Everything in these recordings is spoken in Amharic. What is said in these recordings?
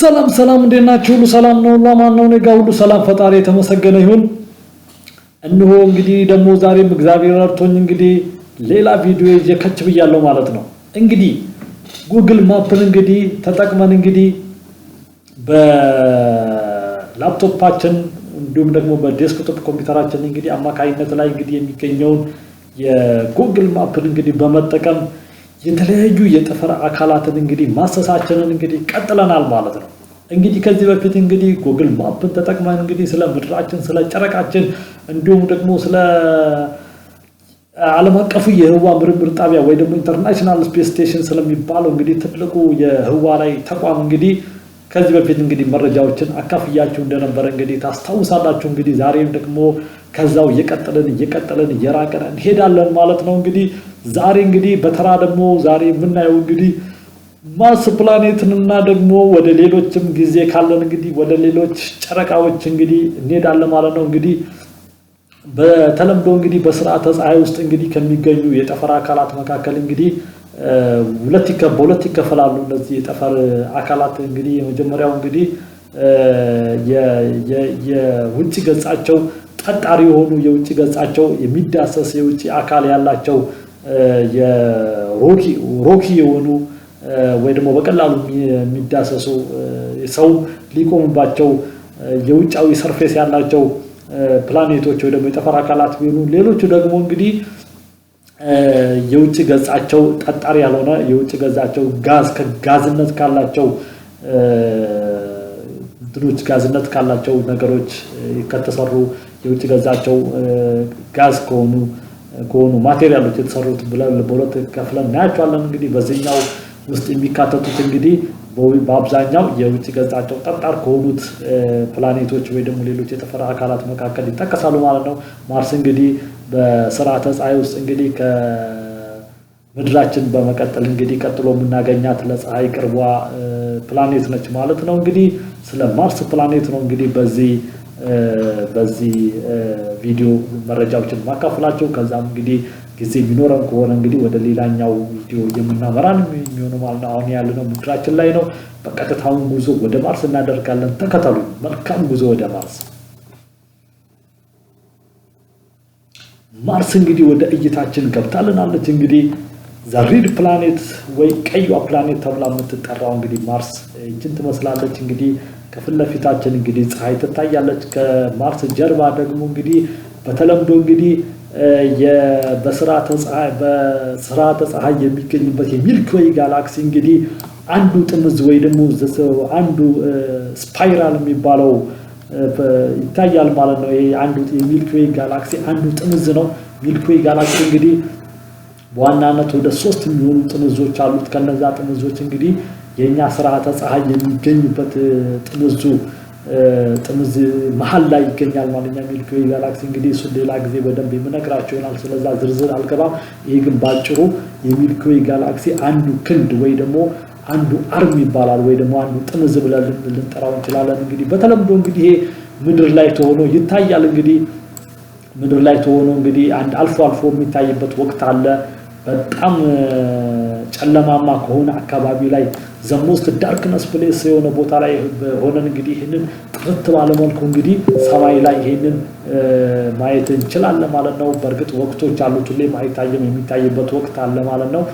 ሰላም ሰላም፣ እንዴት ናችሁ? ሁሉ ሰላም ነው? ሁሉ አማን ነው? እኔ ሁሉ ሰላም፣ ፈጣሪ የተመሰገነ ይሁን። እንሆ እንግዲህ ደግሞ ዛሬም እግዚአብሔር ረድቶኝ እንግዲህ ሌላ ቪዲዮ ይዤ ከች ብያለሁ ማለት ነው። እንግዲህ ጉግል ማፕን እንግዲህ ተጠቅመን እንግዲህ በላፕቶፓችን እንዲሁም ደግሞ በዴስክቶፕ ኮምፒውተራችን እንግዲህ አማካኝነት ላይ እንግዲህ የሚገኘውን የጉግል ማፕን እንግዲህ በመጠቀም የተለያዩ የጥፍር አካላትን እንግዲህ ማሰሳችንን እንግዲህ ቀጥለናል ማለት ነው። እንግዲህ ከዚህ በፊት እንግዲህ ጉግል ማፕን ተጠቅመን እንግዲህ ስለ ምድራችን፣ ስለ ጨረቃችን እንዲሁም ደግሞ ስለ ዓለም አቀፉ የህዋ ምርምር ጣቢያ ወይ ደግሞ ኢንተርናሽናል ስፔስ ስቴሽን ስለሚባለው እንግዲህ ትልቁ የህዋ ላይ ተቋም እንግዲህ ከዚህ በፊት እንግዲህ መረጃዎችን አካፍያችሁ እንደነበረ እንግዲህ ታስታውሳላችሁ። እንግዲህ ዛሬም ደግሞ ከዛው እየቀጠልን እየቀጠልን እየራቀን እንሄዳለን ማለት ነው እንግዲህ ዛሬ እንግዲህ በተራ ደግሞ ዛሬ የምናየው እንግዲህ ማርስ ፕላኔትንና ደግሞ ወደ ሌሎችም ጊዜ ካለን እንግዲህ ወደ ሌሎች ጨረቃዎች እንግዲህ እንሄዳለን ማለት ነው። እንግዲህ በተለምዶ እንግዲህ በስርዓተ ፀሐይ ውስጥ እንግዲህ ከሚገኙ የጠፈር አካላት መካከል እንግዲህ ሁለት በሁለት ይከፈላሉ። እነዚህ የጠፈር አካላት እንግዲህ የመጀመሪያው እንግዲህ የውጭ ገጻቸው ጠጣሪ የሆኑ የውጭ ገጻቸው የሚዳሰስ የውጭ አካል ያላቸው ሮኪ የሆኑ ወይ ደግሞ በቀላሉ የሚዳሰሱ ሰው ሊቆሙባቸው የውጫዊ ሰርፌስ ያላቸው ፕላኔቶች ወይ ደግሞ የጠፈር አካላት ቢሆኑ ሌሎቹ ደግሞ እንግዲህ የውጭ ገጻቸው ጠጣር ያልሆነ የውጭ ገጻቸው ጋዝ ከጋዝነት ካላቸው ድኖች ጋዝነት ካላቸው ነገሮች ከተሰሩ የውጭ ገጻቸው ጋዝ ከሆኑ ከሆኑ ማቴሪያሎች የተሰሩት ብለን በሁለት ከፍለን እናያቸዋለን። እንግዲህ በዚህኛው ውስጥ የሚካተቱት እንግዲህ በአብዛኛው የውጭ ገጻቸው ጠጣር ከሆኑት ፕላኔቶች ወይ ደግሞ ሌሎች የተፈጥሮ አካላት መካከል ይጠቀሳሉ ማለት ነው። ማርስ እንግዲህ በስርዓተ ፀሐይ ውስጥ እንግዲህ ከምድራችን በመቀጠል እንግዲህ ቀጥሎ የምናገኛት ለፀሐይ ቅርቧ ፕላኔት ነች ማለት ነው። እንግዲህ ስለ ማርስ ፕላኔት ነው እንግዲህ በዚህ በዚህ ቪዲዮ መረጃዎችን ማካፍላቸው ከዛም እንግዲህ ጊዜ የሚኖረን ከሆነ እንግዲህ ወደ ሌላኛው ቪዲዮ የምናመራን የሚሆኑ ማለት ነው። አሁን ያለነው ምድራችን ላይ ነው። በቀጥታውን ጉዞ ወደ ማርስ እናደርጋለን። ተከተሉ። መልካም ጉዞ ወደ ማርስ። ማርስ እንግዲህ ወደ እይታችን ገብታልናለች። እንግዲህ ዘሪድ ፕላኔት ወይ ቀይዋ ፕላኔት ተብላ የምትጠራው እንግዲህ ማርስ እጅን ትመስላለች እንግዲህ ከፊት ለፊታችን እንግዲህ ፀሐይ ትታያለች። ከማርስ ጀርባ ደግሞ እንግዲህ በተለምዶ እንግዲህ በስርዓተ ፀሐይ የሚገኝበት የሚልኪ ጋላክሲ እንግዲህ አንዱ ጥምዝ ወይ ደግሞ አንዱ ስፓይራል የሚባለው ይታያል ማለት ነው። ይሄ አንዱ የሚልኪ ጋላክሲ አንዱ ጥምዝ ነው። ሚልኪ ጋላክሲ እንግዲህ በዋናነት ወደ ሶስት የሚሆኑ ጥምዞች አሉት። ከነዛ ጥምዞች እንግዲህ የእኛ ስርዓተ ፀሐይ የሚገኝበት ጥምዙ ጥምዝ መሀል ላይ ይገኛል። ማንኛ ሚልኪ ዌይ ጋላክሲ እንግዲህ እሱን ሌላ ጊዜ በደንብ የምነግራቸው ይሆናል። ስለዛ ዝርዝር አልገባም። ይሄ ግን ባጭሩ የሚልኪ ዌይ ጋላክሲ አንዱ ክንድ ወይ ደግሞ አንዱ አርም ይባላል ወይ ደግሞ አንዱ ጥምዝ ብለን ልንጠራው እንችላለን። እንግዲህ በተለምዶ እንግዲህ ይሄ ምድር ላይ ተሆኖ ይታያል። እንግዲህ ምድር ላይ ተሆኖ እንግዲህ አንድ አልፎ አልፎ የሚታይበት ወቅት አለ። በጣም ጨለማማ ከሆነ አካባቢ ላይ ዘሞስት ዳርክነስ ፕሌስ የሆነ ቦታ ላይ ሆነን እንግዲህ ይህንን ጥርት ባለመልኩ እንግዲህ ሰማይ ላይ ይህንን ማየት እንችላለን ማለት ነው። በእርግጥ ወቅቶች አሉት፣ ሁሌም ማይታየም የሚታይበት ወቅት አለ ማለት ነው።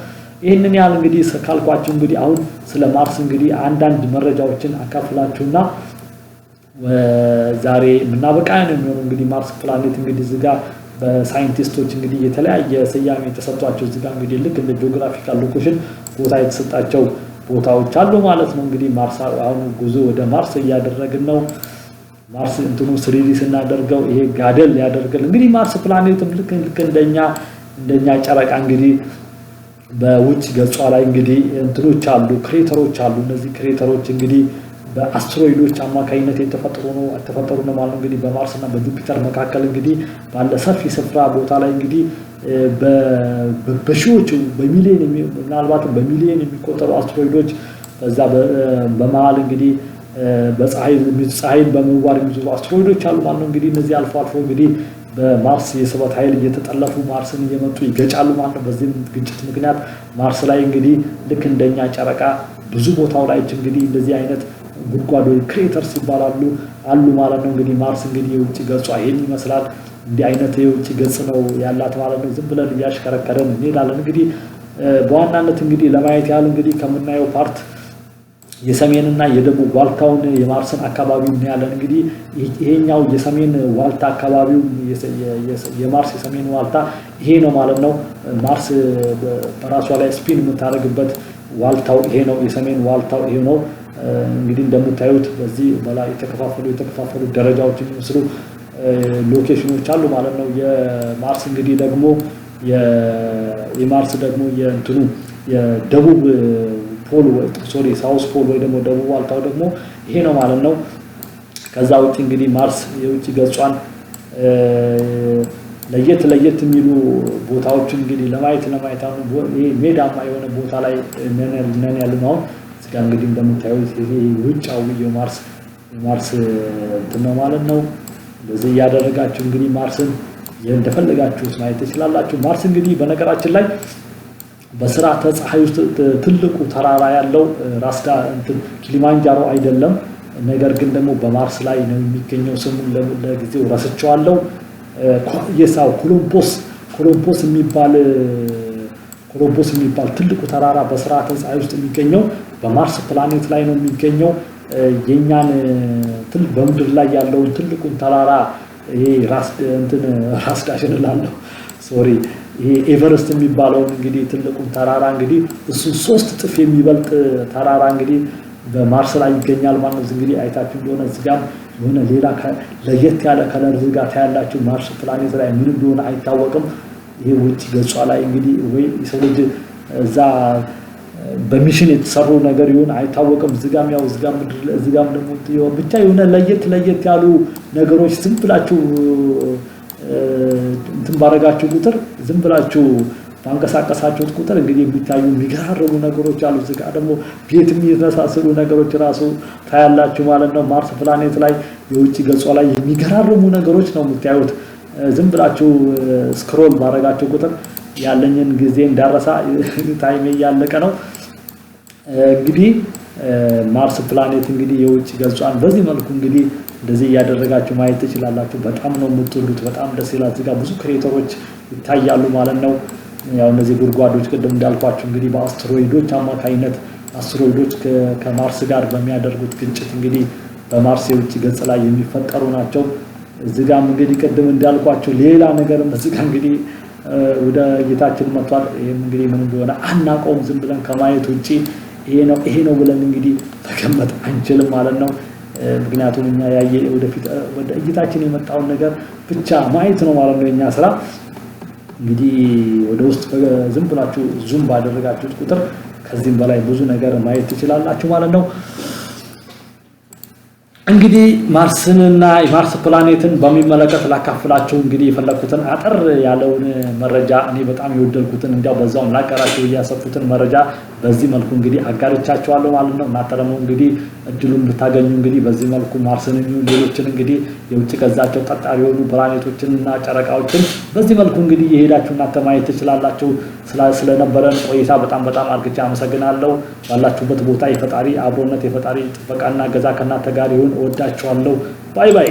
ይህንን ያህል እንግዲህ ካልኳችሁ እንግዲህ አሁን ስለ ማርስ እንግዲህ አንዳንድ መረጃዎችን አካፍላችሁና ዛሬ የምናበቃ ነው የሚሆኑ እንግዲህ ማርስ ፕላኔት እንግዲህ እዚህ ጋር በሳይንቲስቶች እንግዲህ የተለያየ ስያሜ የተሰጧቸው እዚጋ እንግዲህ ልክ እንደ ጂኦግራፊካል ሎኬሽን ቦታ የተሰጣቸው ቦታዎች አሉ ማለት ነው። እንግዲህ ማርስ አሁን ጉዞ ወደ ማርስ እያደረግን ነው። ማርስ እንትኑ ስሪዲ ስናደርገው ይሄ ጋደል ያደርገል። እንግዲህ ማርስ ፕላኔትም ልክ ልክ እንደኛ እንደኛ ጨረቃ እንግዲህ በውጭ ገጿ ላይ እንግዲህ እንትኖች አሉ፣ ክሬተሮች አሉ። እነዚህ ክሬተሮች እንግዲህ በአስትሮይዶች አማካኝነት የተፈጠሩ ነው አልተፈጠሩ ነው ማለት እንግዲህ በማርስ እና በጁፒተር መካከል እንግዲህ ባለ ሰፊ ስፍራ ቦታ ላይ እንግዲህ በሺዎች በሚሊዮን ምናልባትም በሚሊዮን የሚቆጠሩ አስትሮይዶች በዛ በመሀል እንግዲህ በፀሐይን በመዋር የሚዞሩ አስትሮይዶች አሉ ማለት ነው። እንግዲህ እነዚህ አልፎ አልፎ እንግዲህ በማርስ የስበት ኃይል እየተጠለፉ ማርስን እየመጡ ይገጫሉ ማለት ነው። በዚህም ግጭት ምክንያት ማርስ ላይ እንግዲህ ልክ እንደኛ ጨረቃ ብዙ ቦታው ላይች እንግዲህ እንደዚህ አይነት ጉድጓድ ወይ ክሬተርስ ይባላሉ አሉ ማለት ነው። እንግዲህ ማርስ እንግዲህ የውጭ ገጿ ይህን ይመስላል። እንዲህ አይነት የውጭ ገጽ ነው ያላት ማለት ነው። ዝም ብለን እያሽከረከረን እንሄዳለን። እንግዲህ በዋናነት እንግዲህ ለማየት ያህል እንግዲህ ከምናየው ፓርት የሰሜንና የደቡብ ዋልታውን የማርስን አካባቢ እናያለን። እንግዲህ ይሄኛው የሰሜን ዋልታ አካባቢው የማርስ የሰሜን ዋልታ ይሄ ነው ማለት ነው። ማርስ በራሷ ላይ ስፒን የምታደርግበት ዋልታው ይሄ ነው። የሰሜን ዋልታው ይሄ ነው። እንግዲህ እንደምታዩት በዚህ በላ የተከፋፈሉ የተከፋፈሉ ደረጃዎች የሚመስሉ ሎኬሽኖች አሉ ማለት ነው። የማርስ እንግዲህ ደግሞ የማርስ ደግሞ የእንትኑ የደቡብ ፖል ሶሪ ሳውስ ፖል ወይ ደግሞ ደቡብ ዋልታው ደግሞ ይሄ ነው ማለት ነው። ከዛ ውጭ እንግዲህ ማርስ የውጭ ገጿን ለየት ለየት የሚሉ ቦታዎች እንግዲህ ለማየት ለማየት አሁን ሜዳማ የሆነ ቦታ ላይ ነን ያለ አሁን እዚጋ እንግዲህ እንደምታዩት ይሄ ውጫዊ የማርስ የማርስ እንትን ነው ማለት ነው። እንደዚህ እያደረጋችሁ እንግዲህ ማርስን እንደፈለጋችሁት ማየት ትችላላችሁ። ማርስ እንግዲህ በነገራችን ላይ በስርዓተ ፀሐይ ውስጥ ትልቁ ተራራ ያለው ራስዳ ኪሊማንጃሮ አይደለም። ነገር ግን ደግሞ በማርስ ላይ ነው የሚገኘው። ስሙን ለጊዜው ረስቸዋለው። የሳው ኮሎምፖስ ኮሎምፖስ የሚባል ሮቦስ የሚባል ትልቁ ተራራ በስርዓተ ፀሐይ ውስጥ የሚገኘው በማርስ ፕላኔት ላይ ነው የሚገኘው። የእኛን በምድር ላይ ያለውን ትልቁን ተራራ ይሄ ራስ ዳሽን እላለሁ ሶሪ ይሄ ኤቨረስት የሚባለውን እንግዲህ ትልቁን ተራራ እንግዲህ እሱ ሶስት እጥፍ የሚበልጥ ተራራ እንግዲህ በማርስ ላይ ይገኛል ማለት እንግዲህ አይታችሁ እንደሆነ እዚጋም የሆነ ሌላ ለየት ያለ ከለር ዝጋታ ያላችሁ ማርስ ፕላኔት ላይ ምን እንደሆነ አይታወቅም። ይህ ውጭ ገጿ ላይ እንግዲህ ወይ የሰው ልጅ እዛ በሚሽን የተሰሩ ነገር ይሁን አይታወቅም። ዝጋም ያው ዝጋም ምድር ዝጋም ደግሞ ብቻ የሆነ ለየት ለየት ያሉ ነገሮች ዝም ብላችሁ እንትን ባረጋችሁ ቁጥር ዝም ብላችሁ ባንቀሳቀሳችሁት ቁጥር እንግዲህ የሚታዩ የሚገራርሙ ነገሮች አሉ። እዚህ ጋር ደግሞ ቤት የሚመሳሰሉ ነገሮች ራሱ ታያላችሁ ማለት ነው። ማርስ ፕላኔት ላይ የውጭ ገጿ ላይ የሚገራርሙ ነገሮች ነው የምታዩት። ዝም ብላችሁ ስክሮል ባረጋችሁ ቁጥር ያለኝን ጊዜ እንዳረሳ ታይሜ እያለቀ ነው። እንግዲህ ማርስ ፕላኔት እንግዲህ የውጭ ገጿን በዚህ መልኩ እንግዲህ እንደዚህ እያደረጋችሁ ማየት ትችላላችሁ። በጣም ነው የምትወዱት፣ በጣም ደስ ይላል። እዚህ ጋር ብዙ ክሬተሮች ይታያሉ ማለት ነው። ያው እነዚህ ጉድጓዶች ቅድም እንዳልኳችሁ እንግዲህ በአስትሮይዶች አማካኝነት አስትሮይዶች ከማርስ ጋር በሚያደርጉት ግንጭት እንግዲህ በማርስ የውጭ ገጽ ላይ የሚፈጠሩ ናቸው። እዚህ እንግዲ እንግዲህ ቅድም እንዳልኳቸው ሌላ ነገርም እዚህ ጋር እንግዲህ ወደ ጌታችን መጥቷል። ይህም እንግዲህ ምን እንደሆነ አናውቀውም። ዝም ብለን ከማየት ውጭ ይሄ ነው ይሄ ነው ብለን እንግዲህ ተገመጥ አንችልም ማለት ነው። ምክንያቱም እኛ ያየ ወደፊት ወደ እይታችን የመጣውን ነገር ብቻ ማየት ነው ማለት ነው የኛ ስራ። እንግዲህ ወደ ውስጥ ዝም ብላችሁ ዙም ባደረጋችሁት ቁጥር ከዚህም በላይ ብዙ ነገር ማየት ትችላላችሁ ማለት ነው። እንግዲህ ማርስንና የማርስ ፕላኔትን በሚመለከት ላካፍላቸው እንግዲህ የፈለግኩትን አጠር ያለውን መረጃ እኔ በጣም የወደድኩትን እንዲያው በዛውም ላቀራቸው እያሰብኩትን መረጃ በዚህ መልኩ እንግዲህ አጋርቻቸዋለሁ ማለት ነው። እናንተ ደግሞ እንግዲህ እድሉን ብታገኙ እንግዲህ በዚህ መልኩ ማርስን ሌሎችን እንግዲህ የውጭ ገዛቸው ጠጣሪ የሆኑ ፕላኔቶችን እና ጨረቃዎችን በዚህ መልኩ እንግዲህ የሄዳችሁ እናንተ ማየት ትችላላችሁ። ስለነበረን ቆይታ በጣም በጣም አርግቻ አመሰግናለሁ። ባላችሁበት ቦታ የፈጣሪ አብሮነት የፈጣሪ ጥበቃና ገዛ ከእናንተ ጋር ይሁን። እወዳችኋለሁ። ባይ ባይ